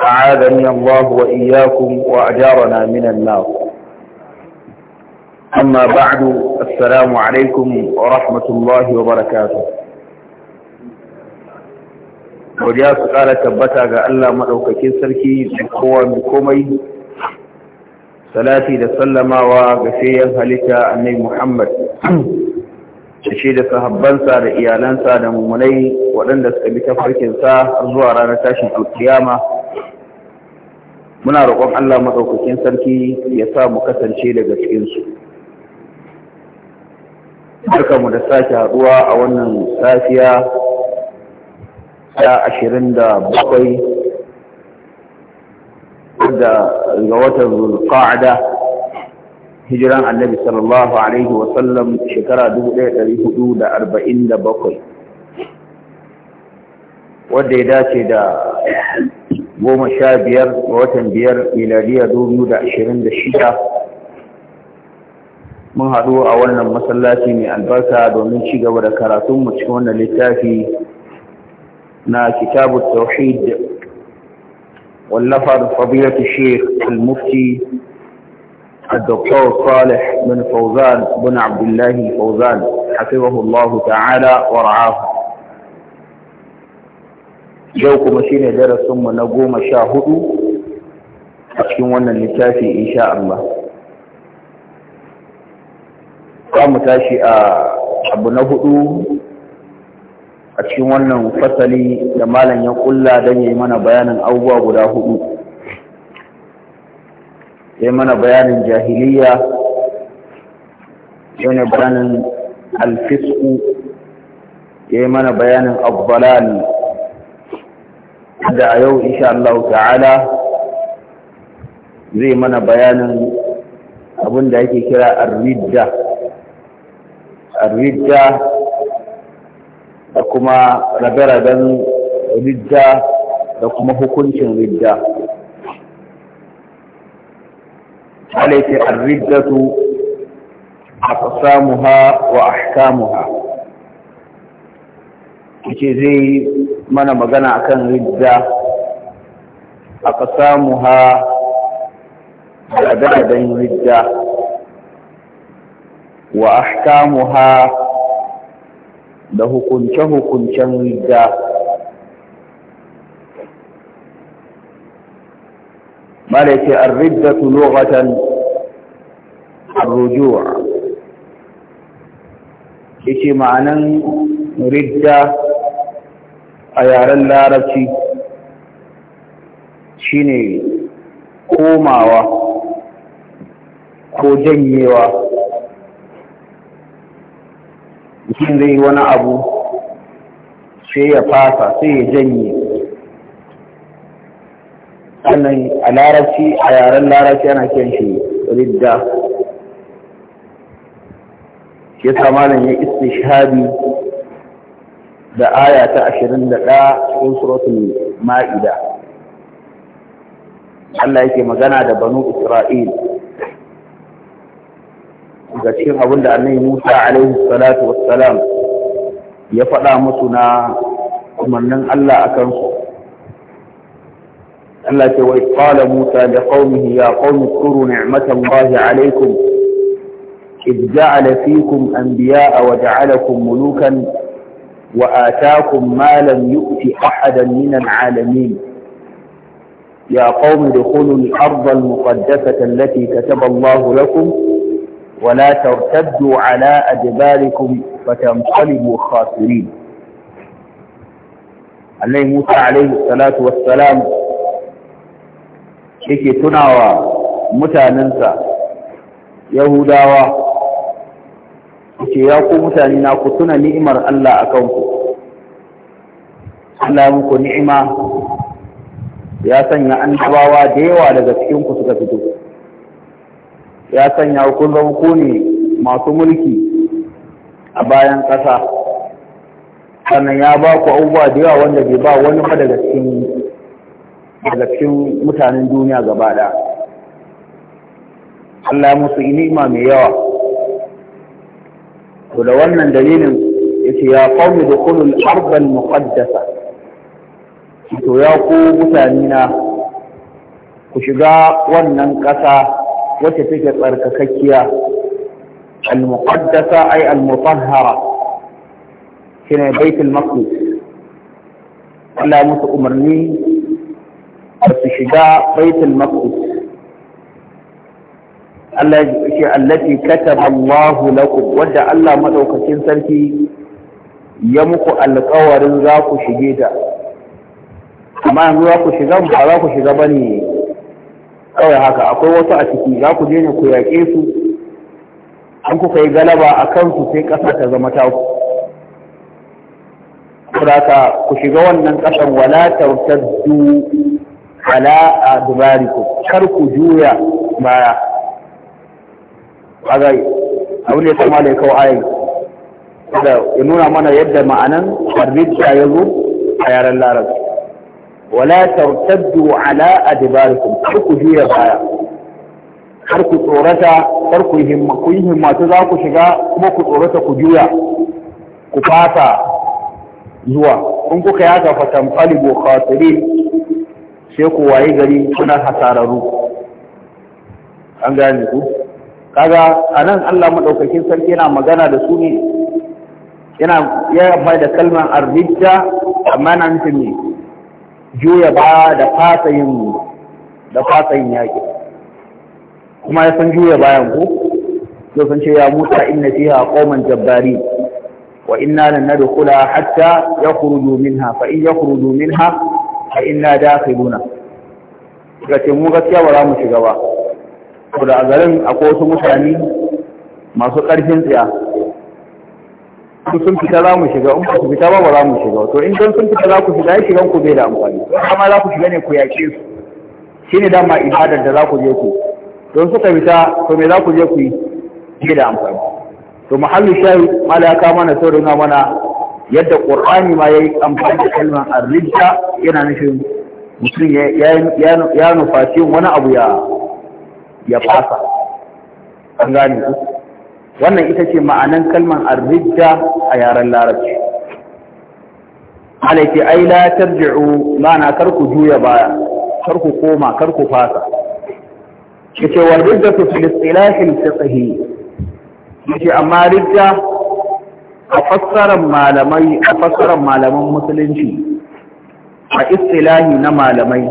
أعاذني الله وإياكم وأجارنا من النار أما بعد السلام عليكم ورحمة الله وبركاته godiya su ƙara tabbata ga Allah maɗaukakin sarki da kowa da komai salati da sallamawa ga sayan halitta annai Muhammad da da sahabbansa da iyalansa da mummunai waɗanda suka bi ta tafarkinsa zuwa ranar tashin alkiyama muna roƙon Allah maɗaukakin sarki ya sa mu kasance daga cikinsu mu da sake haɗuwa a wannan safiya ta ashirin da bakwai da ga watan zulqa'ada hijiran annabi sallallahu alaihi wa sallam, shekara dubu ɗaya ɗari hudu da arba'in da bakwai wadda ya dace da goma sha biyar ga watan biyar miladiya dubu da ashirin da shida mun haɗu a wannan masallaci mai albarka domin ci gaba da karatunmu cikin wannan littafi na kitabu tauhid wallafar fadilatu sheikh al-mufti الدكتور صالح بن فوزان بن عبد الله فوزان حفظه الله تعالى ورعاه yau kuma shine darasinmu na goma sha hudu a cikin wannan littafi insha Allah za tashi a abu na hudu a cikin wannan fasali da malam ya kulla don yi mana bayanin abubuwa guda hudu ya mana bayanin jahiliya ya mana bayanin alfisku ya mana bayanin abbalali da a yau insha Allah ta'ala zai mana bayanin abin da ake kira arridda arridda da kuma rabe-raben ridda da kuma hukuncin ridda alaiti arriddatu aqsamuha wa ahkamuha kace zai mana magana akan ridda aka samu ha da dadadan ridda wa ha da hukunce-hukuncen ridda malaiti ar ridda lughatan ar-ruju' ma'anan ridda a yaren larabci shine komawa ko janyewa mutum zai wani abu sai ya fasa sai ya janye sannan a larabci a yaren larabci yana kyan shi ridda ya samanin ya istishhabi da aya ta ashirin da 21 cikin suratul ma'ida Allah yake magana da banu Isra'il ga cikin abin da annabi Musa alaihi salatu wassalam ya faɗa musu na umarnin Allah a kansu Allah ke wai qala Musa da qaumihi ya qaumi kuru ni'matallahi alaikum إذ جعل فيكم أنبياء وجعلكم ملوكا وآتاكم ما لم يؤت أحدا من العالمين يا قوم ادخلوا الأرض المقدسة التي كتب الله لكم ولا ترتدوا على أدباركم فتنقلبوا خاسرين عليه موسى عليه الصلاة والسلام تنعوى متى ننسى Yahudawa ce ya ku mutane na ku tuna ni'imar Allah a kanku Allah muku ni'ima ya sanya tabawa da yawa daga cikin ku suka fito ya sanya kun zama ku ne masu mulki a bayan ƙasa sannan ya ba ku abubuwa da yawa wanda bai ba wani ba daga cikin daga cikin mutanen duniya gaba ɗaya Allah ya musu ni'ima mai yawa to da wannan dalilin yace ya qawmi dukhulul ardh al muqaddasa to ya ku mutane na ku shiga wannan ƙasa wacce take tsarkakakkiya al muqaddasa ay al mutahhara shine baitul maqdis Allah musu umarni su shiga baitul maqdis Allah ya ce allati kataba Allahu lakum wanda Allah madaukakin sarki ya muku alƙawarin za ku shige ta amma yanzu za ku shiga ba za ku shiga bane kawai haka akwai wasu a ciki za ku je ne ku yaƙe su an kuka yi galaba a kansu sai ƙasa ta zama taku kuraka ku shiga wannan ƙasan wala tautaddu ala adbarikum kar ku juya baya kaga abin da ya kama da ya kawo ayin da ya nuna mana yadda ma'anan arbitra ya zo a yaren Laras. wala tartaddu ala adbarikum kar ku juya baya har ku tsorata kar ku himma ku himma ta za ku shiga kuma ku tsorata ku juya ku fata zuwa in kuka yaga fatan falibu khatirin sai ku waye gari kuna hasararru an gane ku kaga anan Allah madaukakin sarki yana magana da su ne yana ya mai da kalmar arbijja amma nan ta ne juya ba da fasayin da fasayin yaki kuma ya san juya bayan ku sai san ce ya Musa inna fiha qauman jabbari wa inna lan nadkhula hatta yakhruju minha fa in yakhruju minha fa inna dakhiluna kace mu gaskiya ba za mu shiga ba ko da a garin akwai wasu mutane masu ƙarfin tsiya su sun fita za mu shiga in ba su fita ba ba za mu shiga to in don sun fita za ku shiga ya shigan ku bai da amfani amma za ku shiga ne ku yaƙe su shi ne dama ibadar da za ku je ku don suka fita to me za ku je ku yi bai da amfani to muhallu shayi ya kama na saurin mana yadda ƙur'ani ma ya yi amfani da kalmar arrijja yana nufin mutum ya nufaci wani abu ya ya fasa an gane ku wannan ita ce ma'anan kalman arrijja a yaren larabci alaiki ai la tarji'u ma'ana kar ku juya baya kar ku koma kar ku fasa yace wa riddatu fil istilah al fiqhi yace amma rijja a fassaran malamai a fassaran malaman musulunci a istilahi na malamai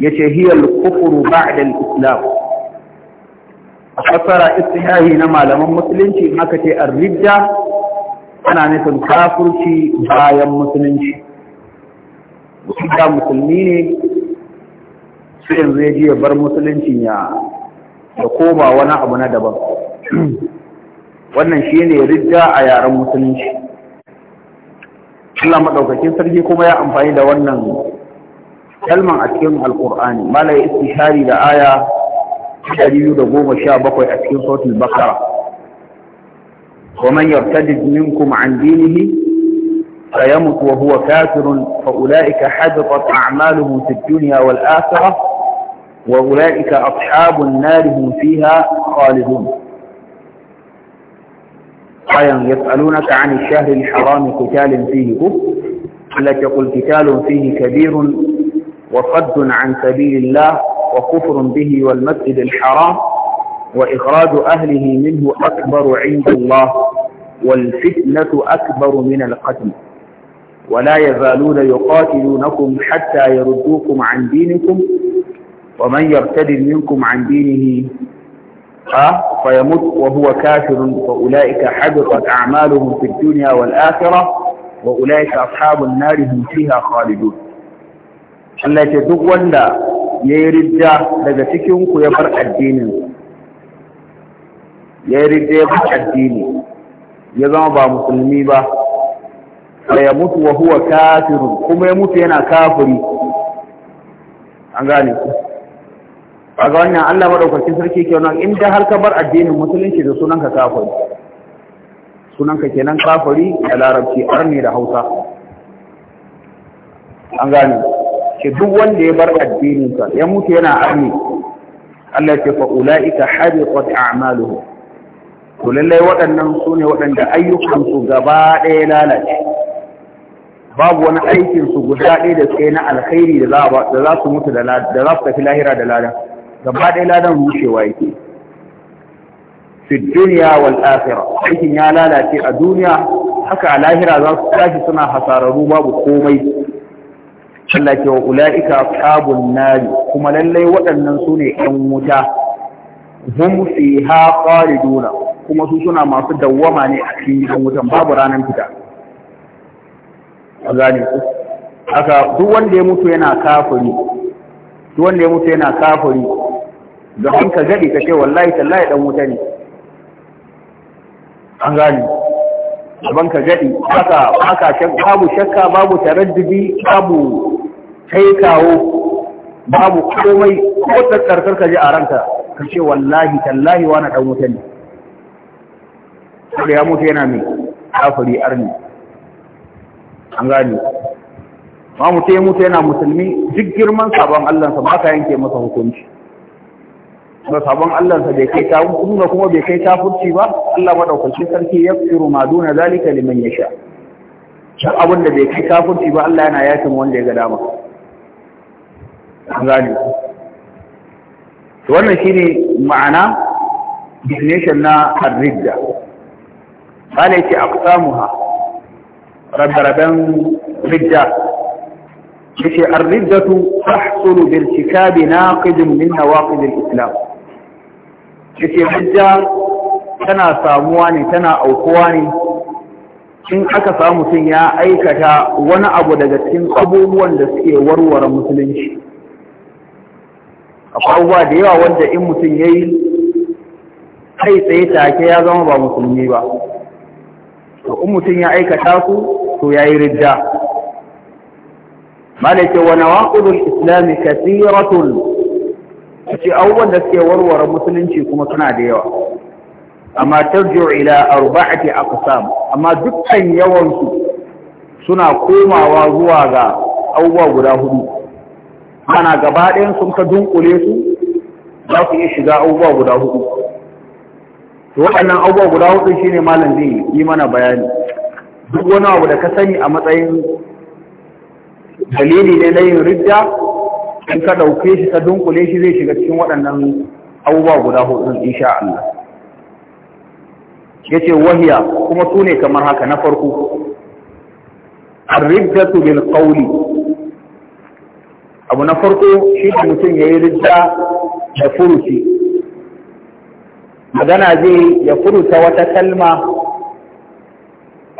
yace hiya al kufuru ba'da al-islam fasara istihahi na malaman musulunci haka ce ar-ridda ana nufin kafirci bayan musulunci da musulmi ne su yanzu ya ji ya bar musulunci ya da koma wani abu na daban wannan shi ne ridda a yaren musulunci Allah maɗaukakin sarki kuma ya amfani da wannan kalman a cikin alkur'ani mala ya istishari da aya 217 a cikin sautul bakara ومن يرتد منكم عن دينه فيمت وهو كافر فأولئك حبطت أعمالهم في الدنيا والآخرة وأولئك أصحاب النار هم فيها خالدون آية يسألونك عن الشهر الحرام قتال فيه كفر التي قل قتال فيه كبير وصد عن سبيل الله وكفر به والمسجد الحرام وإخراج أهله منه أكبر عند الله والفتنة أكبر من القتل ولا يزالون يقاتلونكم حتى يردوكم عن دينكم ومن يرتد منكم عن دينه آه، فيمت وهو كافر فأولئك حبطت أعمالهم في الدنيا والآخرة وأولئك أصحاب النار هم فيها خالدون Allah ce duk wanda ya yi rijja daga cikinku ya bar addinin ya yi rijja ya bar addini ya zama ba musulmi ba sai ya mutu wa huwa kafirun kuma ya mutu yana kafiri an gane ku ga wannan Allah madaukakin sarki ke wannan inda har ka bar addinin musulunci da sunanka kafiri sunanka kenan kafiri da larabci arni da Hausa an gane ku ce duk wanda ya bar addininsa ya mutu yana arni Allah ce fa ulaika habiqat a'maluhu to lallai waɗannan su ne waɗanda ayyukansu gaba ɗaya lalace babu wani aikinsu guda ɗaya da tsaye na alkhairi da za su mutu da za su tafi lahira da ladan gaba ɗaya ladan rushewa yake fi duniya wal akhirah aikin ya lalace a duniya haka a lahira za su tashi suna hasararru babu komai Allah ke wa ula'ika ashabun nari kuma lallai waɗannan su ne ‘yan wuta hum fiha khaliduna kuma su suna masu dawwama ne a cikin gidan wutan babu ranar fita a gane ku duk wanda ya mutu yana kafiri duk wanda ya mutu yana kafiri da kun ka gadi ka ce wallahi tallahi ɗan wuta ne an gane ban ka gadi haka haka babu shakka babu taraddudi babu kai kawo babu komai ko ta karkar ka je a ranka ka ce wallahi tallahi na ɗan wuta ne saboda ya mutu yana mai kafiri arni an gani ma mutu ya mutu yana musulmi duk girman sabon allansa ba ka yanke masa hukunci ba sabon allansa bai kai kafin kuma bai kai kafurci ba Allah maɗaukacin sarki ya tsiru ma duna zalika liman sha. Shan abin da bai kai kafurci ba Allah yana yakin wanda ya ga dama an gane wannan shine ma'ana definition na ar-ridda bala yake aqsamuha rabbaraban ridda yace ar-riddatu tahsulu bil kitabi na min nawaqid al-islam yace ridda tana samuwa ne tana aukuwa ne in aka samu mutum ya aikata wani abu daga cikin abubuwan da suke warware musulunci akwai abubuwa da yawa wanda in mutum ya yi kai tsaye take ya zama ba musulmi ba to in mutum ya aikata su to ya yi ridda wani wa nawaqidul islam kathiratun ce abubuwan da suke warware musulunci kuma suna da yawa amma tarji'u ila arba'ati aqsam amma dukkan yawansu suna komawa zuwa ga abubuwa guda hudu ana gaba ɗayan sun ka dunkule su za su yi shiga abubuwa guda hudu to waɗannan abubuwa guda hudu shine malam zai yi mana bayani duk wani abu da ka sani a matsayin dalili ne na yin rijiya in ka ɗauke shi ka dunkule shi zai shiga cikin waɗannan abubuwa guda hudu insha Allah yace wahiya kuma su ne kamar haka na farko ar بالقول abu na farko shi da mutum ya yi rijja da furuci magana zai ya furuta wata kalma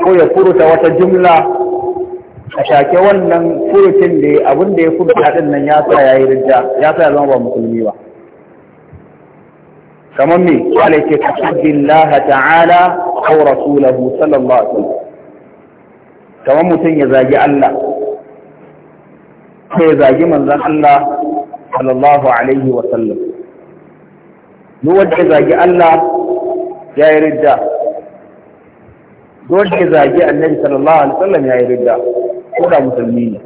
ko ya furuta wata jumla a shake wannan furucin da abin da ya furuta din nan ya sa ya yi rijja ya sa ya zama ba musulmi ba kamar me wale ce ka Allah ta'ala aw rasulahu sallallahu alaihi wasallam kamar mutum ya zagi Allah sai ya zagi manzan Allah sallallahu alaihi wa sallam duk wanda ya zagi Allah ya yi ridda duk wanda ya zagi annabi sallallahu alaihi wa sallam ya yi ridda ko da musulmi ne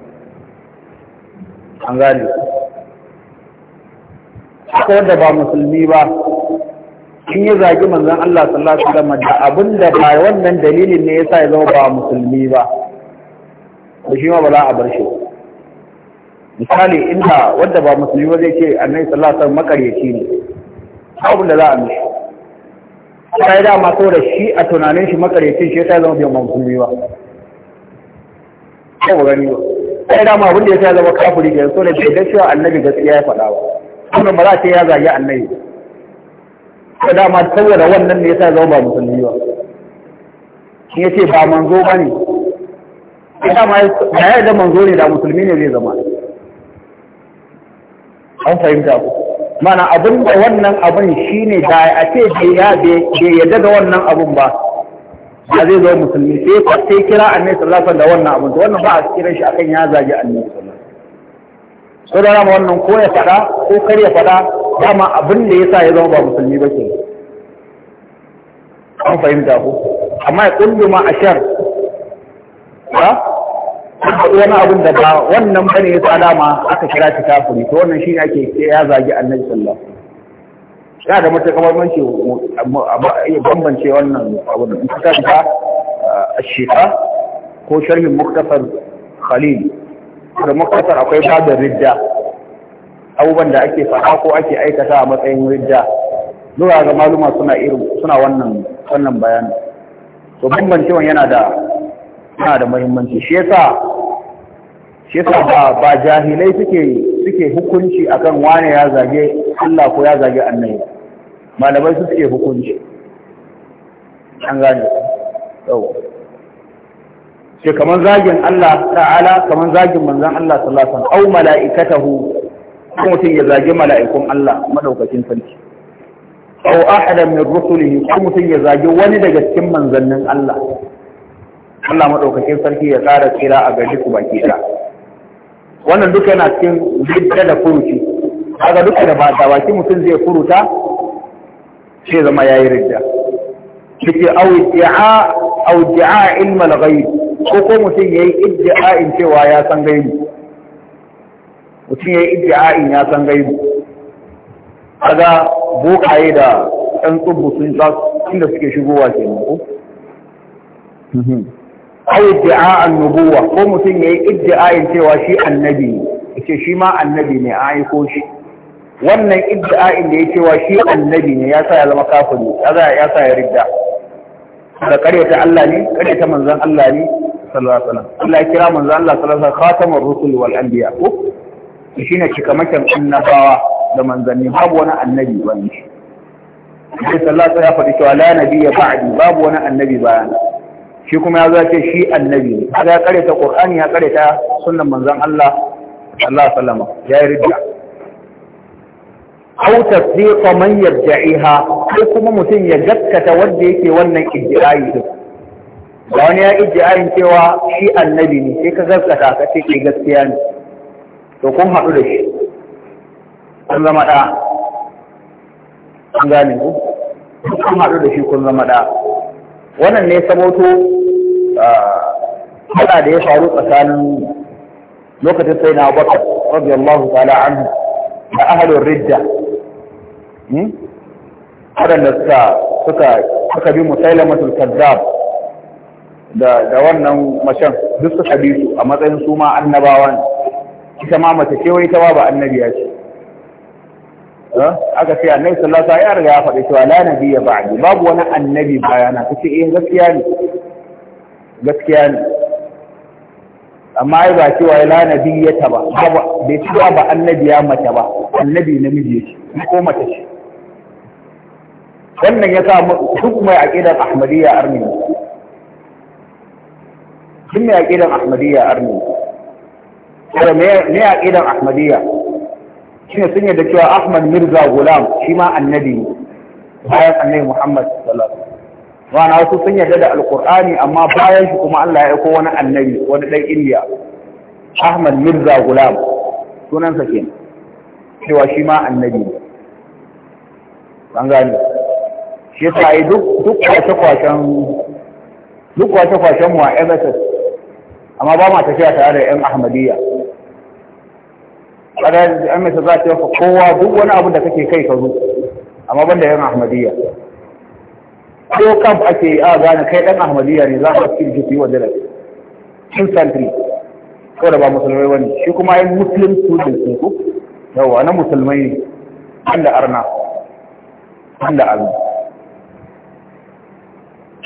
an gani, ko da ba musulmi ba in ya zagi manzan Allah sallallahu alaihi wasallam da abinda ba wannan dalilin ne yasa ya zama ba musulmi ba da shi ma ba za a bar shi misali inda wadda ba musulmi ba zai ce annabi sallallahu alaihi wasallam makaryaci ne abin da za a mishi sai da ma da shi a tunanin shi makaryacin shi sai zama bai musulmi ba ko ba gani ba sai da ma abin da ya zama kafiri da so da bai da cewa annabi gaskiya ya faɗa ba kuma ba za ce ya zagi annabi sai da ma saboda wannan ne sa zama ba musulmi ba shi yace ba manzo bane sai da ma ya da manzo ne da musulmi ne zai zama an fahimta ku mana abin da wannan abin shine da a ce bai yadda da wannan abin ba ba zai zo musulmi sai ka sai kira annabi sallallahu alaihi da wannan abin to wannan ba a kira shi akan ya zagi annabi sallallahu alaihi wasallam wannan ko ya fada ko kar ya fada dama abin da yasa ya zama ba musulmi ba ke an fahimta ku amma ya kullu ma ashar ha wani abin da ba wannan bane ya sa dama aka kira shi kafiri to wannan shi ake ya zagi annabi sallallahu alaihi wasallam yana da kamar manci bambance wannan abin da ka ta uh, ashifa ko sharhin muktasar khalil da muktasar akwai babin ridda abubuwan da ake faɗa ko ake aikata a matsayin ridda zuwa ga maluma suna irin suna wannan wannan bayani to bambancewan yana da yana da muhimmanci shi yasa shi yasa ba ba jahilai suke suke hukunci akan wane ya zage Allah ko ya zage annabi malamai su suke hukunci an gane yau ke kamar zagin Allah ta'ala kamar zagin manzon Allah sallallahu alaihi wasallam au mala'ikatahu ko mutum ya zage mala'ikun Allah madaukakin sarki au ahadan min rusulihi ko mutum ya zage wani daga cikin manzannin Allah Allah madaukakin sarki ya tsara kira a gari ku baki ta. wannan duka yana cikin bidda da furuci kaga duk da ba da baki mutum zai furuta sai zama yayi ridda kike au ji'a au idda'a ilmal ghaib ko ko mutum yayi in cewa ya san gaibi mutum yayi in ya san gaibi kaga bokaye da ɗan tsubu sun sa inda suke shigowa nan ko mhm. ai iddi'a annubuwa ko mutum ya yi iddi'ayin cewa shi annabi ne yace shi ma annabi ne a aiko shi wannan iddi'ayin da ya cewa shi annabi ne ya sa ya zama kafiri ya sa ya ridda da karyata Allah ne karyata manzon Allah ne sallallahu alaihi wasallam Allah ya kira manzon Allah sallallahu alaihi wasallam khatamur rusul wal anbiya ko shine cikamakin annabawa da manzanni babu wani annabi wani shi sai sallallahu alaihi wasallam ya faɗi cewa la nabiyya ba'di babu wani annabi bayana shi kuma ya zace shi annabi ne kaga ya kareta qur'ani ya kareta sunnan manzon Allah Allah sallama ya yi ridda aw tasdiqa man yarja'iha ko kuma mutum ya gaskata wanda yake wannan iddiayi din da wani ya iddiayin cewa shi annabi ne sai ka gaskata ka ce ke gaskiya ne to kun haɗu da shi kun zama da an gane ku kun haɗu da shi kun zama da wannan ne saboto hada da ya faru tsakanin lokacin sai na bakar radiyallahu ta'ala anhu da ahalin ridda hmm? waɗanda suka suka suka bi musailamatul kazzab da da wannan mashan. duk suka bi su a matsayin su ma annabawa ita ma mace wai ta ba annabiya ce Eh? aka ce annabi sallallahu alaihi wasallam ya riga ya faɗi cewa la nabiyya ba'di babu wani annabi bayana kace eh gaskiya ne gaskiya ne amma ai ba cewa la nabiyya ta ba babu bai cewa ba annabi ya mace ba annabi namiji yake ko mace ce wannan ya sa duk mai aqidar ahmadiyya arni duk mai aqidar ahmadiyya arni ko mai mai aqidar ahmadiyya shine sun yarda cewa Ahmad Mirza Gulam shi ma annabi ne bayan annabi Muhammad sallallahu alaihi wasallam wana wasu sun yarda da alqur'ani amma bayan shi kuma Allah ya aiko wani annabi wani dan indiya. Ahmad Mirza Gulam sunansa ke cewa shi ma annabi ne an gane shi yasa duk duk kwace duk kwace-kwacen mu a MSS amma ba ma tafiya tare da 'yan Ahmadiyya kada an mai za ta yaka kowa duk wani abu da kake kai ka zo amma banda yan ahmadiyya ko kam ake a gane kai ɗan ahmadiyya ne za ka cikin jifi wa dalal in santri ko da ba musulmai wani shi kuma ai muslim student ne ko yawa na musulmai ne da arna banda azu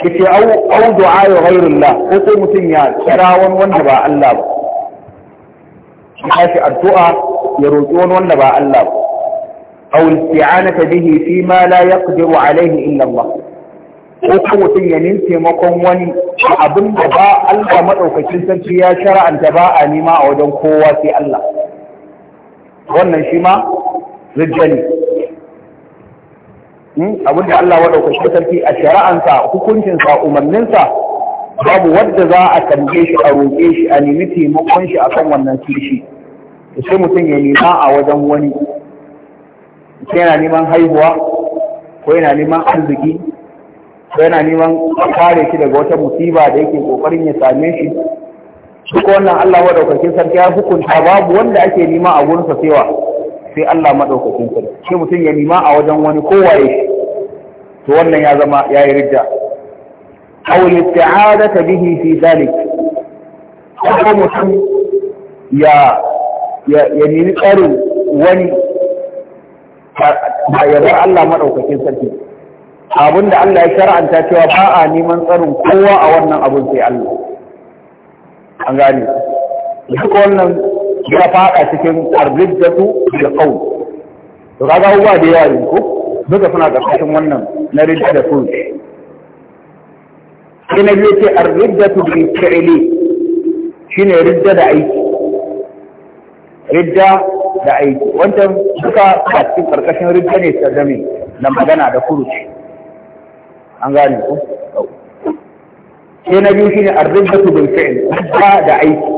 kike au au du'a ghayrullah ko ko mutum ya kira wani wanda ba Allah ba shi addu'a ya roƙi wani wanda ba Allah ba aw isti'anata bihi fi ma la yaqdiru alayhi illa Allah ko ko mutum ya nemi taimakon wani abin da ba Allah madaukakin sarki ya shara'anta ba a nima a wajen kowa sai Allah wannan shi ma rijjani hmm? abin da Allah madaukakin sarki a hukuncin shara'ansa umarnin sa, babu wadda za a tambaye shi a roƙe shi a nemi taimakon shi akan wannan kishi sai mutum ya nema a wajen wani sai yana neman haihuwa ko yana neman arziki ko yana neman kare shi daga wata musiba da yake kokarin ya same shi duk wannan Allah madaukakin sarki ya hukunta babu wanda ake nema a gurin sasewa sai Allah madaukakin sarki sai mutum ya nema a wajen wani kowaye to wannan ya zama yayi ridda aw al-isti'adatu bihi fi dhalik ko mutum ya ya nemi tsarin wani ba ya bar Allah maɗaukakin sarki abin da Allah ya shara'anta cewa ba a neman tsarin kowa a wannan abin sai Allah an gane duk wannan ya faɗa cikin arzikin da kawo to kaga abubuwa da yawa yanzu duka suna ƙarƙashin wannan na ridda da kun sai na biyu ce arzikin da shi ne ridda da aiki ridda da aiki wancan suka a cikin karkashin ridda ne ta zame da magana da kuruci an gane ku sai na biyu shine ar su bin fi'in ridda da aiki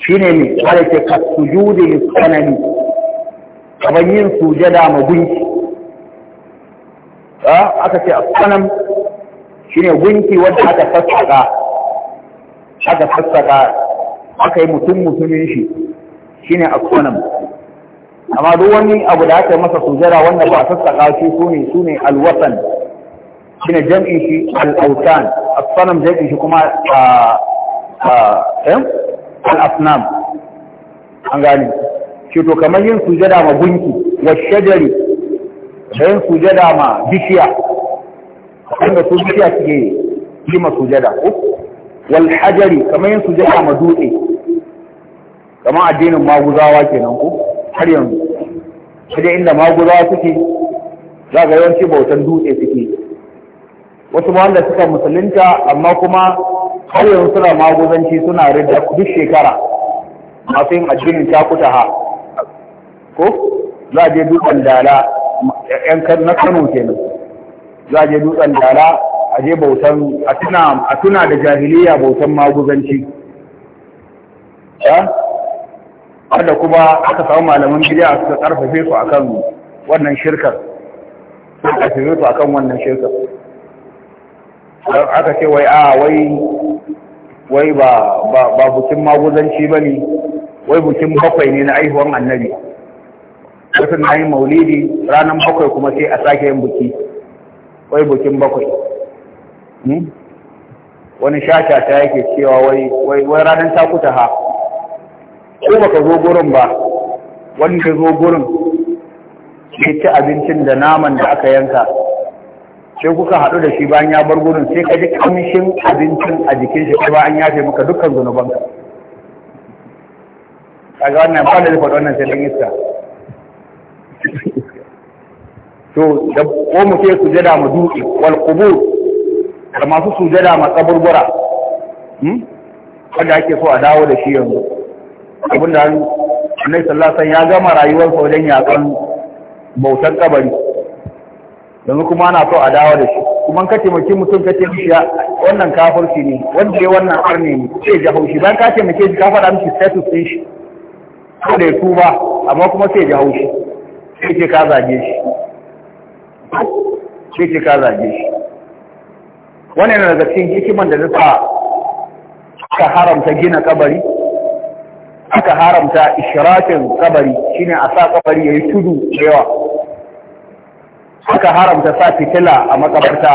Shi ne kada ke ka sujudi lis sanani kamar yin sujada ma gunki aka ce a as shi ne gunki wanda aka sassaka aka sassaka aka yi mutum mutumin shi shine asnam amma duk wani abu da aka yi masa sujada wanda ba sassaka shi sune sune alwatan shine jam'in shi al-awtan asnam jam'in shi kuma eh? al-asnam an gane shi to kamar yin sujada ma gunki wa shajari da yin sujada ma bishiya wanda su bishiya suke yi ma sujada wal hajari kamar yin sujada ma dutse kamar addinin maguzawa kenan ko har yanzu sai dai inda maguzawa suke za ga yawanci bautan dutse suke wasu ma wanda suka musulunta amma kuma har yanzu suna maguzanci suna rida duk shekara masu yin addinin takuta ha ko za a je dutsen dala yan na kano kenan za a je dutsen dala a je bautan a tuna da jahiliya bautan maguzanci wanda kuma aka samu malaman a suka karfafe su kan wannan shirkar suka karfafe su kan wannan shirkar don aka ce wai a ah, wai ba bukin maguzanci ba ne wai bukin bakwai ne na aihuwan annabi wasu na yi maulidi ranar bakwai kuma sai a sake yin buki wai bukin bakwai hmm? wani shata ta yake cewa wai ranar takuta ha ko baka zo gurin ba wanda ka zo gurin ya ci abincin da naman da aka yanka sai kuka haɗu da shi bayan ya bar gurin sai ka ji kamshin abincin a jikin shi ba an yafe maka dukkan zunubanka kaga wannan ba da zai faɗi wannan sai dan iska to da ko mu ke sujada mu duki wal qubur da masu sujada ma kaburbura hmm wanda ake so a dawo da shi yanzu abinda annabi sallallahu alaihi ya gama rayuwarsa wajen yakan bautan kabari yanzu kuma ana so a dawo da shi kuma ka taimaki mutum ka taimaki shi wannan shi ne wanda ya wannan arne ne sai ya haushi bayan ka taimake shi ka faɗa miki status ɗin shi ko da ya tuba amma kuma sai jahaushi sai ce ka zage shi sai ce ka zage shi wannan yana daga cikin hikiman da ta haramta gina kabari aka haramta ishirakin kabari shine a sa kabari yayi tudu da yawa aka haramta sa fitila a makabarta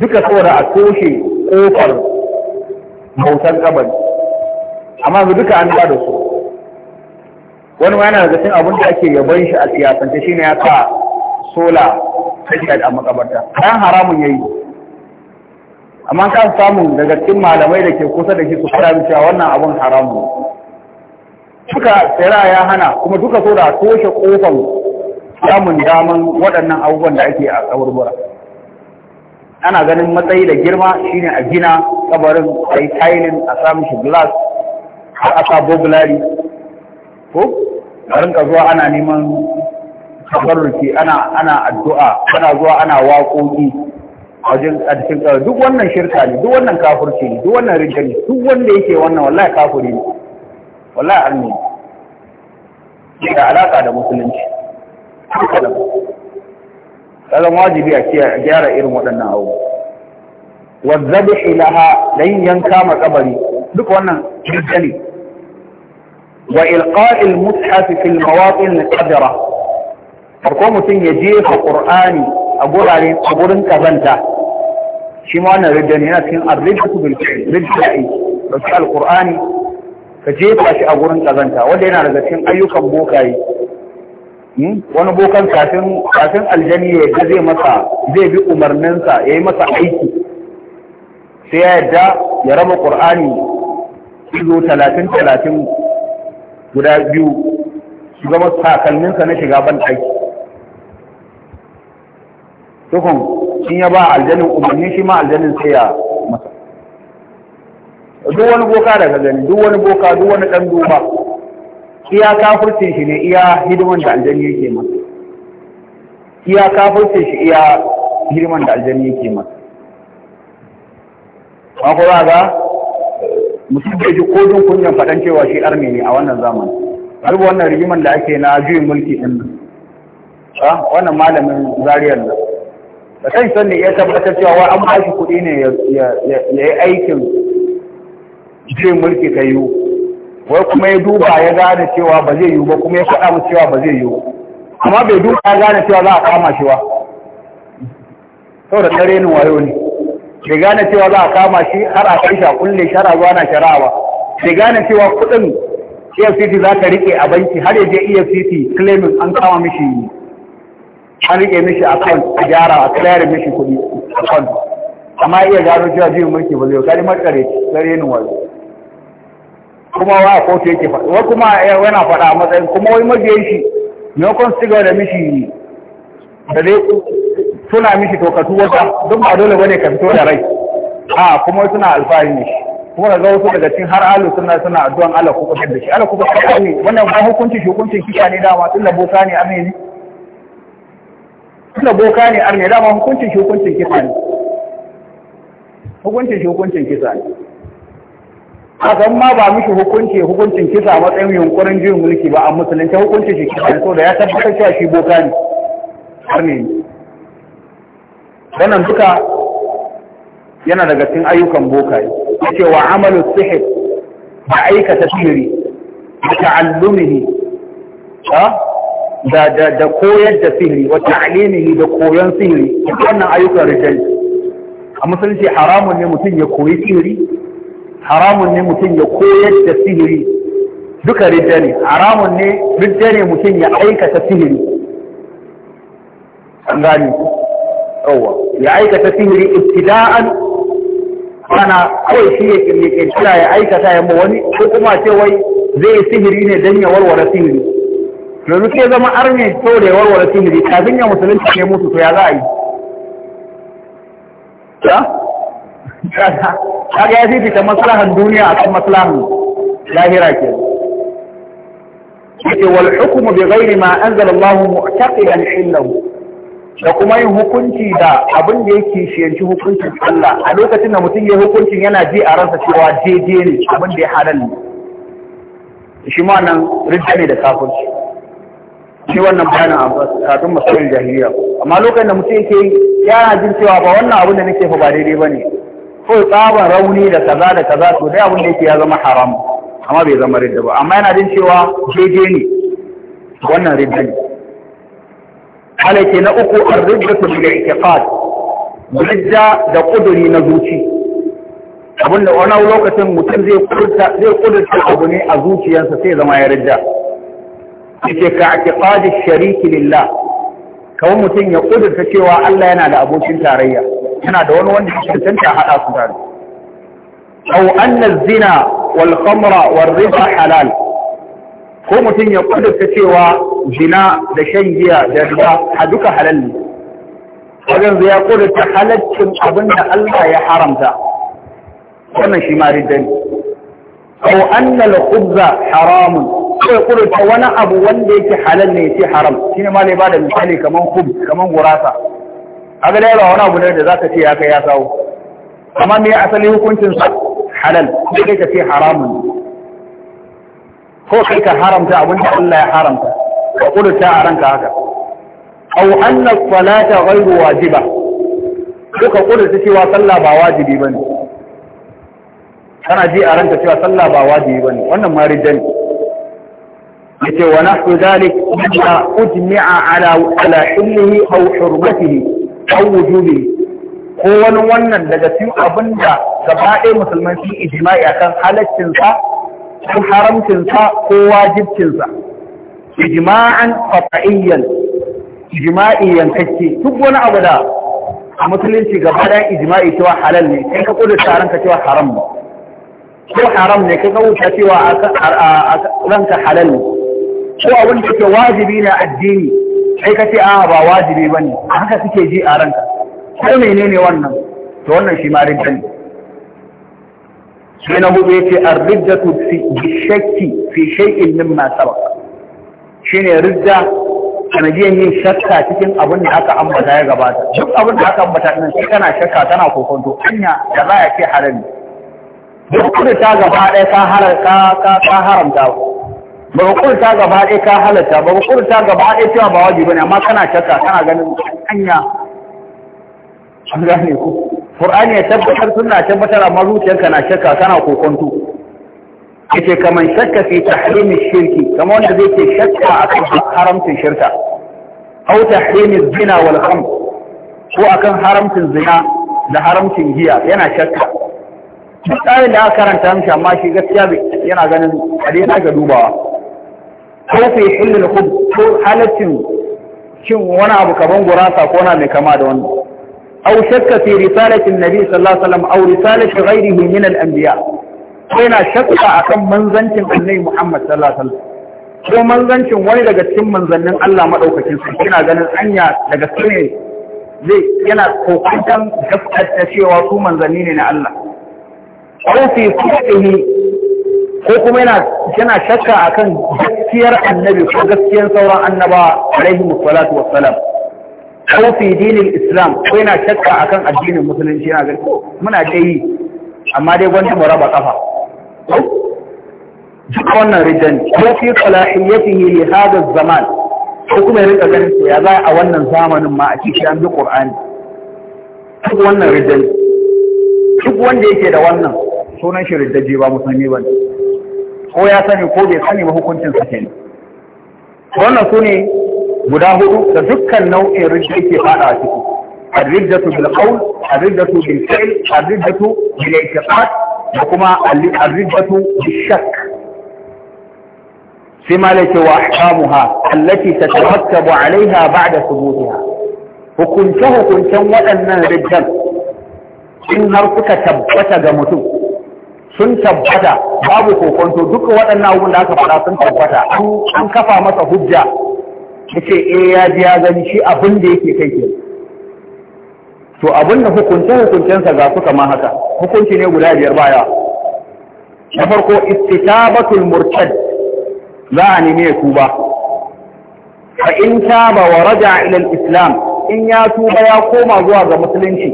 duka saboda a toshe kofar bautan kabari amma duka an ba da su wani ma yana daga cikin abin da ake yaban shi a siyasance shine ya sa sola ta a makabarta ɗan haramun yayi amma kan samu daga cikin malamai da ke kusa da shi su fara cewa wannan abun haramu duka tsira ya hana kuma duka so da toshe kofan samun daman waɗannan abubuwan da ake a tsawurbura ana ganin matsayi da girma shine a gina kabarin a tiling a samu shi glass har a sa bogulari ko a rinka zuwa ana neman kabarruki ana ana addu'a ana zuwa ana waƙoƙi a cikin ƙarfi duk wannan shirka ne duk wannan kafurci ne duk wannan rinka ne duk wanda yake wannan wallahi kafuri ne wallahi an ne ke da alaƙa da musulunci kalan wajibi a gyara irin waɗannan abu wazzabi ilaha da yin yanka makabari duk wannan shirka ne wa ilqa'il mushafi fil mawaqin qadara farko mutum ya jefa qur'ani a gurare a gurin kazanta shi ma wannan rijiyar ne yana cikin arziki bil ridda da su alkur'ani ka jefa shi a gurin kazanta wanda yana daga cikin ayyukan bokaye hmm? wani bokan kafin aljani ya yadda zai masa zai bi umarninsa ya yi masa aiki sai ya yadda ya raba ƙur'ani izo talatin talatin guda biyu su zama takalminsa na shiga ban aiki tukun shi ya ba aljanin umarni shi ma aljanin sai ya masa duk wani boka daga gani duk wani boka duk wani dan duba iya kafircin shi ne iya hidiman da aljani yake masa iya kafircin shi iya hidiman da aljani yake masa ba ku ga mutum da ji kojin kunyan faɗan cewa shi arme ne a wannan zamanin harbi wannan rigiman da ake na juyin mulki ɗin nan ah, wannan malamin zariyar nan Ba kan san ne ya tabbatar cewa wai an bashi kuɗi ne ya yi aikin jirin mulki ta yiwu wai kuma ya duba ya gane cewa ba zai yiwu ba kuma ya faɗa mu cewa ba zai yiwu amma bai duba ya gane cewa za a kama shi ba saboda ɗare ni wayo ne bai gane cewa za a kama shi har a kai shi a kulle shi har a zuwa na shari'a ba bai gane cewa kuɗin EFCT za ta riƙe a banki har ya je EFCT claiming an kama mishi an rike mishi account a gyara a tsayar mishi kuɗi kan amma iya gano cewa jin mulki ba zai kari makare tsare ni wazo kuma wa a kotu yake faɗi. wa kuma yana faɗa a matsayin kuma wai magiyan shi ne kon siga da mishi da dai tuna mishi tokatu wata don ba dole bane ka fito da rai a kuma suna alfahari ne kuma ga su daga cikin har alu suna suna addu'an Allah ku da shi Allah ku da shi wannan ba hukuncin shi hukuncin kika ne dama tun da boka ne amini tunda boka ne arne dama hukuncin shi hukuncin kisa ne hukuncin shi hukuncin kisa ne hakan ma ba mishi hukunci hukuncin kisa a matsayin yunkurin juyin mulki ba a musulunci hukuncin shi kisa ne so da ya tabbatar cewa shi boka ne arne ne wannan duka yana daga cikin ayyukan ne yake wa amalu sihir ba aikata sihiri da ta'allumihi ha da koyar da sihiri wa ta'limihi da koyon sihiri wannan ayyukan rijal a musulunci haramun ne mutum ya koyi sihiri haramun ne mutum ya koyar da sihiri duka rijal ne haramun ne rijal ne mutum ya aikata sihiri an gani yawa ya aikata sihiri ibtida'an ana kawai shi ya kirkira ya aikata ya ma wani ko kuma ce wai zai sihiri ne dan ya warware sihiri yanzu sai zama arne saboda ya warware sihiri kafin ya musulunci ne mutu to ya za a yi ga ya fifita maslahan duniya a kan maslahan lahira ke yake wal hukumu bi ghairi ma anzala Allah mu'taqidan illahu da kuma yin hukunci da abin da yake shiyanci hukuncin Allah a lokacin da mutum ya hukuncin yana ji a ransa cewa daidai ne abin da ya halal ne shi ma nan ridda ne da kafirci shi wannan bayanin abu kafin musulun jahiliya amma lokacin da mutum yake yana jin cewa ba wannan abin da nake fa ba daidai ba ne. ko tsaban rauni da kaza da kaza to dai abin da yake ya zama haram amma bai zama ridda ba amma yana jin cewa daidai ne wannan ridda ne halake na uku ar su bil i'tiqad ridda da kuduri na zuci Abin da wani lokacin mutum zai kudurta abu ne a zuciyarsa sai zama ya ridda yake ka aqtadi shariki lillah kawai mutum ya ƙudurta cewa Allah yana da abokin tarayya yana da wani wanda yake tantance hada su tare zina wal khamra war riba halal ko mutum ya ƙudurta cewa zina da shan giya da riba a duka halal ne wajen ya ƙudurta halaccin abin da Allah ya haramta wannan shi ma riddani ko annal khubza haramun ko ya kurta wani abu wanda yake halal ne yake haram shine ma ba bada misali kaman khub kaman gurasa aga dai ba wani abu ne da zaka ce ya kai ya sawo amma me asali hukuncin sa halal Ko kai ka ce haramun ko kai ka haramta abin da Allah ya haramta ka ta a ranka haka aw anna salata ghayru wajiba ko ka kurta cewa sallah ba wajibi bane kana ji a ranka cewa sallah ba wajibi bane wannan ma rijal yace wa nahwu dhalik ma ujmi'a ala ala ilmihi aw hurmatihi aw wujubihi ko wani wannan daga cikin abinda gaba ɗaya musulman sun ijma'i akan halaccinsa ko haramcinsa ko wajibcinsa ijma'an qat'iyyan ijma'i yankakke duk wani abu da a musulunci gaba ɗaya ijma'i cewa halal ne sai ka kudu taron ka cewa haram ne ko haram ne ka kauta cewa a ranka halal ko abin da ke wajibi na addini sai ka ce a ba wajibi ba ne haka suke ji a ranka ko menene wannan to wannan shi ma rinta ne sai na hudu ya ce a ridda tu shakki fi shay'in min ma Shi ne ridda sanadiyan yin shakka cikin abin da aka ambata ya gabata duk abin da aka ambata nan sai kana shakka kana kokonto hanya da za a ce halal ne duk kurta gaba ɗaya ka haramta ba ka kurta gaba ɗaya ka halarta ba ka kurta gaba ɗaya cewa ba wajibi ne amma kana shakka kana ganin hanya an gane ku Qur'ani ya tabbatar suna tabbatar amma zuciyarka na shakka kana kokonto yace kaman shakka fi tahrimi shirki kamar wanda zai ce shakka akan haramcin shirka aw tahrimi zina wal khamr ko akan haramcin zina da haramcin giya yana shakka tsarin da aka karanta mishi amma shi gaskiya yana ganin hadisi aka dubawa ko fi hillul khub ko halaccin cin wani abu kaman gurasa ko na mai kama da wannan aw shakka fi risalatin nabi sallallahu alaihi wasallam aw risalati ghayrihi min al-anbiya ko yana shakka akan manzancin annabi Muhammad sallallahu alaihi wasallam ko manzancin wani daga cikin manzannin Allah madaukakin sarki yana ganin anya daga gaske ne zai yana kokantan gaskata cewa su manzanni ne na Allah aw fi sihhi ko kuma yana yana shakka akan gaskiyar annabi ko gaskiyar sauran annaba alaihi wassalatu wassalam aw fi dinil islam ko yana shakka akan addinin musulunci yana ga oh, muna dai amma dai gwanda mu raba kafa duk wannan rijan ko fi salahiyatihi li hada zaman ko kuma rika ganin ya za a wannan zamanin ma a cikin an bi qur'ani duk wannan rijan duk wanda yake da wannan sunan shi riddaje ba musulmi ba ne ko ya sani ko bai sani ba hukuncin sa kenan wannan su ne guda hudu da dukkan nau'in ridda yake fada a ciki الردة بالقول الردة بالفعل الردة بالاعتقاد وكما الردة بالشك فيما لك وأحكامها التي تترتب عليها بعد ثبوتها hukunce-hukuncen waɗannan rijjan in har suka tabbata ga mutum sun tabbata babu kokonto duk waɗannan abubuwan da aka fara sun tabbata an kafa masa hujja ce, eh ya ji ya gani shi abin da yake kai ke to abin da hukunce hukuncensa ga su kama haka hukunci ne guda biyar baya na farko istitabatul murtad za a nemi ya tuba fa in taba wa raja ila islam in ya tuba ya koma zuwa ga musulunci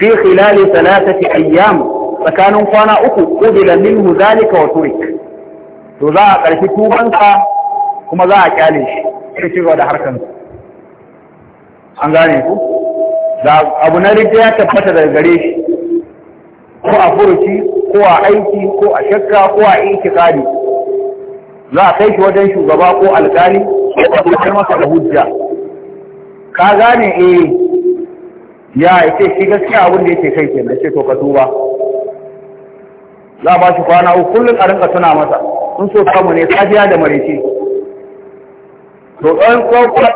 fi khilali thalathati ayyam tsakanin kwana uku qubila minhu zalika wa turik to za a karfi tubansa kuma za a kyale shi sai ci gaba da harkan an gane ku da abu na rike ya tabbata daga gare shi ko a furuci ko a aiki ko a shakka ko a itikadi za a kai shi wajen shugaba ko alkali ko tabbatar masa da hujja ka gane eh ya ce shi gaskiya abin da yake kai kenan ce to ka tuba za a ba shi kwana uku kullum a rinka tuna masa in so samu ne kafiya da marece to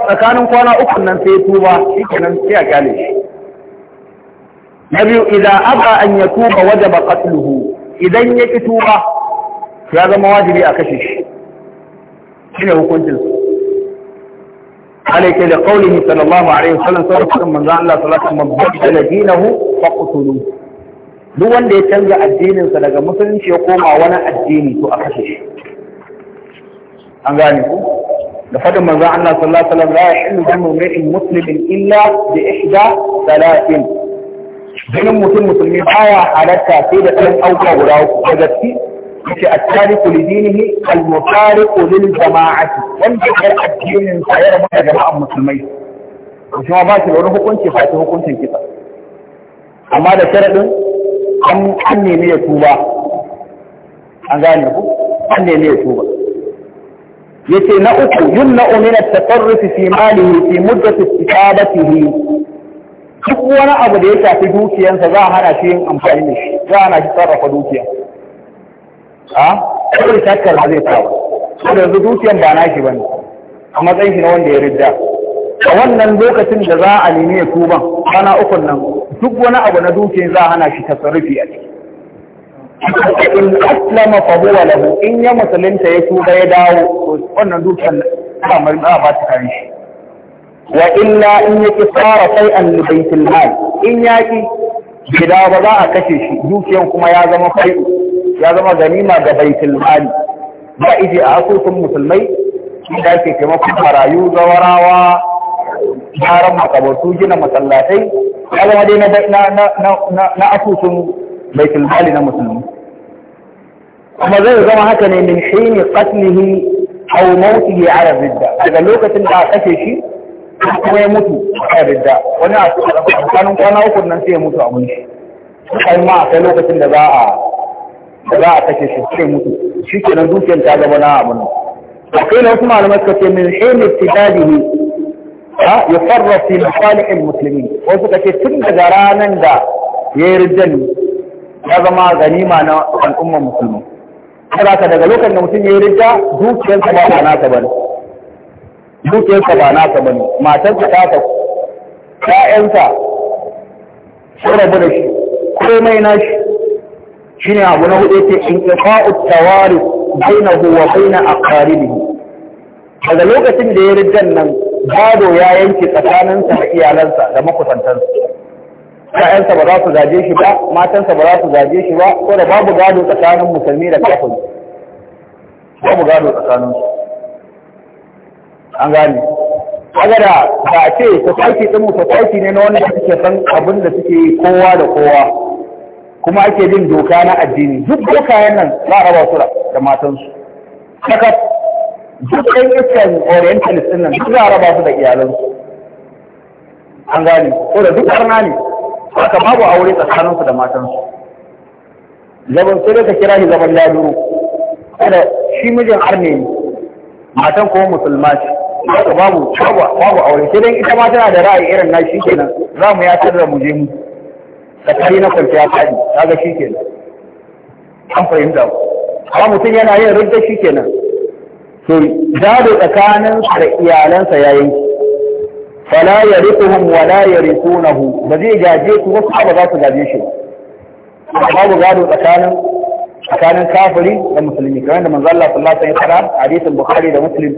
tsakanin kwana uku nan sai tuba shi kenan sai a kyale shi na biyu idan aba an ya tuba wajaba qatluhu idan ya ki tuba ya zama wajibi a kashe shi shine hukuncin alaike da qaulihi sallallahu alaihi wasallam sai manzo Allah sallallahu alaihi wasallam bayyana dinahu faqtuluhu duk wanda ya canza addininsa daga musulunci ya koma wani addini to a kashe shi an gane ku da fadin manzon Allah sallallahu alaihi wasallam la yahillu damu imri'in muslimin illa bi ihda salatin ganin mutum musulmi baya halatta sai da ɗan ɗauka guda uku da gaske yace at-tariku li dinihi al-mutariqu lil jama'ati wanda ya addinin sa ya rabu da jama'an musulmai kuma ba shi da wani hukunci fa hukuncin kisa amma da sharadin an nemi ya tuba an gane ku an nemi ya tuba yace na uku yumna'u min at-tasarruf fi malihi fi muddati istiqadatihi duk wani abu da ya shafi dukiyansa za a hana shi yin amfani da shi za a hana shi sarrafa dukiya a kawai shakkar ba zai kawo so da yanzu dukiyan ba nashi bane a matsayin shi na wanda ya ridda a wannan lokacin da za a nemi ya tuban kwana ukun nan duk wani abu na dukiyar za a hana shi tasarrufi a ciki in aslama fa huwa lahu in ya musulunta ya tuba ya dawo wannan dukiyar ba mai ba ba ta kare shi wa illa in yaki fara sai an baitul mal in yaki gida ba za a kashe shi dukiyar kuma ya zama fai'u ya zama ganima ga baitin mali ba ije a asusun musulmai shi da ke taimakon marayu zawarawa gyaran makabartu gina masallatai ya dai na asusun baitul mali na musulmi kuma zai zama haka ne min shine qatlihi aw mawtihi ala ridda daga lokacin da aka kashe shi kuma ya mutu a ridda wani a tsakanin kwana uku nan sai ya mutu a munshi kai ma kai lokacin da za a da za a kashe shi sai mutu shi nan dukiyar ta zama na abin akwai na wasu malamai suka ce min shine ibtidadihi يفرط في مصالح المسلمين wasu ce tun daga ranar da ya yi rijal ya zama ganima na al'umman musulmi kada ka daga lokacin da mutum ya yi rijal dukiyarsa ba na ta bane dukiyarsa ba na ta bane matarsa ta ta ƴaƴansa sun rabu da shi komai na shi shine abu na hudu yake inqifa'u tawari bainahu wa bain aqaribihi daga lokacin da yi rijal nan gado ya yanke tsakaninsa da iyalansa da makusantansa ƙayansa ba za su zaje shi ba matansa ba za su zaje shi ba ko da babu gado tsakanin musulmi da kafin babu gado tsakanin an gane kaga da ba a ce society din mu society ne na wanda suke san abin da suke yi kowa da kowa kuma ake bin doka na addini duk dokayen nan za a raba su da matansu duk ɗan iskan orientalist ɗin nan duk za a raba su da iyalansu an gane ko da duk arna ne haka babu aure tsakaninsu da matansu zaman sai ka kira shi zaman laduru kada shi mijin arne ne matan kuma musulma ce haka babu babu aure sai dai ita ma tana da ra'ayi irin na shi kenan za mu ya tarra mu je mu tsakari na kwanciya faɗi kaga shi kenan an fahimta Ba mutum yana yin ridda shi kenan to gado tsakaninsa da iyalansa ya yanki fala yarithuhum wala yarithunahu ba zai gaje su wasu ba za su gaje shi babu gado tsakanin tsakanin kafiri da musulmi kamar da manzo Allah sallallahu alaihi wasallam hadisin bukhari da muslim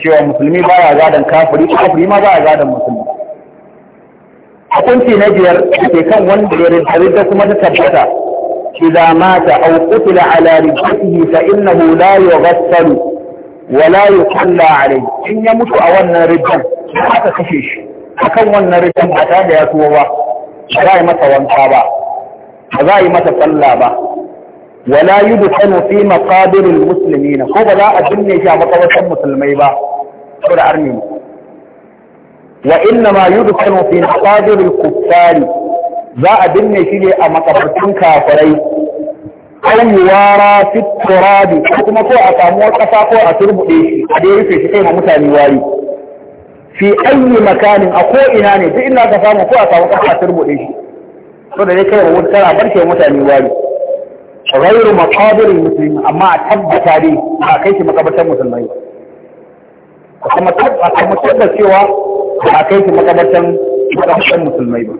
cewa musulmi ba ya gadon kafiri kafiri ma ba ya gadon musulmi hukunci na biyar ke kan wanda ya rinta kuma ta tabbata إذا مات أو قتل على رجلته فإنه لا يغسل wala yusalla alai in ya mutu a wannan riddan aka kashe shi A kan wannan riddan ba tare da ya tuwo ba ba za a yi masa wanka ba ba za a yi masa sallah ba wala yudkhanu fi maqabiril muslimina ko ba za a binne shi a makabartan musulmai ba saboda arni wa inna ma yudkhanu fi maqabiril kuffari za a binne shi ne a makabartun kafirai aiwara fit turabi kuma ko a samu kasa ko a turbuɗe shi a dai rufe shi kai ma mutane wari fi ayi makanin a ko ina ne duk ina ka samu ko a samu kasa a turbuɗe shi so da ya kai ma wutar barke shi mutane wari ghairu maqabirin musulmi amma a tabbata dai ba kai shi makabartar musulmai kuma tabbata cewa ba kai shi makabartar makabartar musulmai ba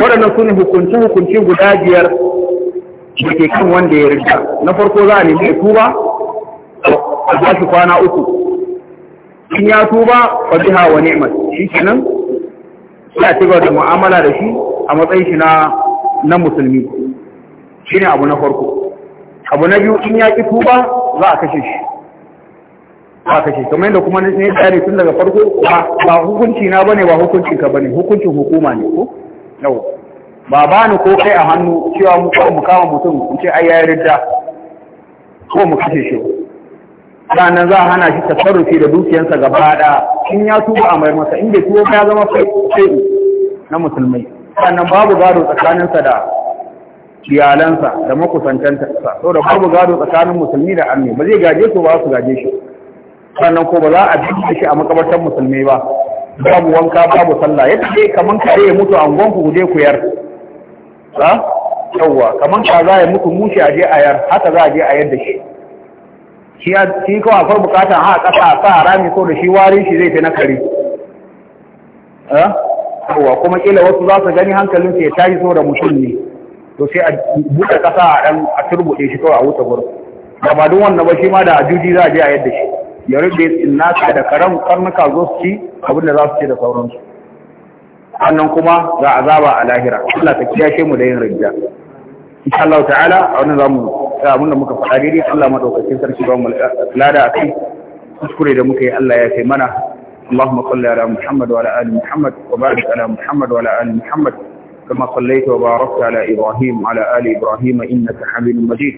waɗannan su ne hukunci hukunci guda biyar da ke kan wanda ya rinta na farko za a nemi ya tuba a za su kwana uku in ya tuba ba biha wa nema. shi kenan sai a tiga da mu'amala da shi a matsayin shi na musulmi. Shi ne abu na farko abu na biyu in ya ki tuba za a kashe shi ba a kashe kamar yadda kuma ne tsari tun daga farko ba hukunci na bane ba hukuncin ka bane hukuncin hukuma ne ko yau ba ba ni ko kai a hannu cewa mu kawo mu mutum in ce ai ya ridda ko mu kashe shi sannan za a hana shi tasarrufi da dukiyarsa gaba da in ya tuba a mai masa in bai ya zama sai na musulmai sannan babu gado tsakaninsa da iyalansa da makusantansa saboda babu gado tsakanin musulmi da annabi ba zai gaje su ba su gaje shi sannan ko ba za a bi shi a makabartar musulmai ba babu wanka babu sallah yadda dai kaman kare ya mutu a unguwanku ku je ku yar ba yawwa kamar ka za a muku mushi a je yar haka za a je a yadda shi shi kawai akwai bukatan ha kasa a sa rami ko da shi wari shi zai fi na kare ha yawwa kuma kila wasu za su gani hankalin ya tashi so da mutum ne to sai a buɗe kasa a ɗan a turbuɗe shi kawai a wuce gurin da ba duk wannan ba shi ma da ajuji za a je a yadda shi ya rubuta nasa da karan karnuka zo su ci abin da za su ci da sauransu annan kuma a zaba a lahira Allah ka kiyashe mu da yin rijja insha Allah ta'ala a wannan zamu abin da muka faɗa daidai Allah madaukakin sarki ba mu lada akai kuskure da muka yi Allah ya kai mana اللهم صل على محمد وعلى آل محمد وبارك على محمد وعلى آل محمد كما صليت وباركت على إبراهيم وعلى آل إبراهيم إنك حميد مجيد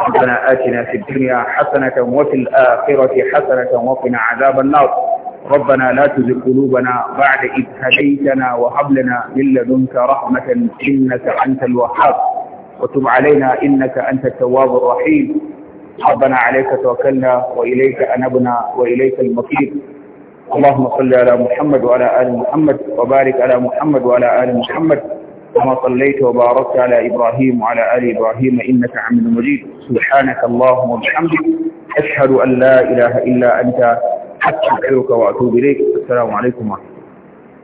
ربنا آتنا في الدنيا حسنة وفي الآخرة حسنة وقنا عذاب النار ربنا لا تزغ قلوبنا بعد إذ هديتنا وهب لنا من لدنك رحمة إنك أنت الوهاب وتب علينا إنك أنت التواب الرحيم ربنا عليك توكلنا وإليك أنبنا وإليك المصير اللهم صل على محمد وعلى آل محمد وبارك على محمد وعلى آل محمد كما صليت وباركت على إبراهيم وعلى آل إبراهيم إنك حميد مجيد سبحانك اللهم وبحمدك أشهد أن لا إله إلا أنت hatta kai ka wato bire assalamu alaikum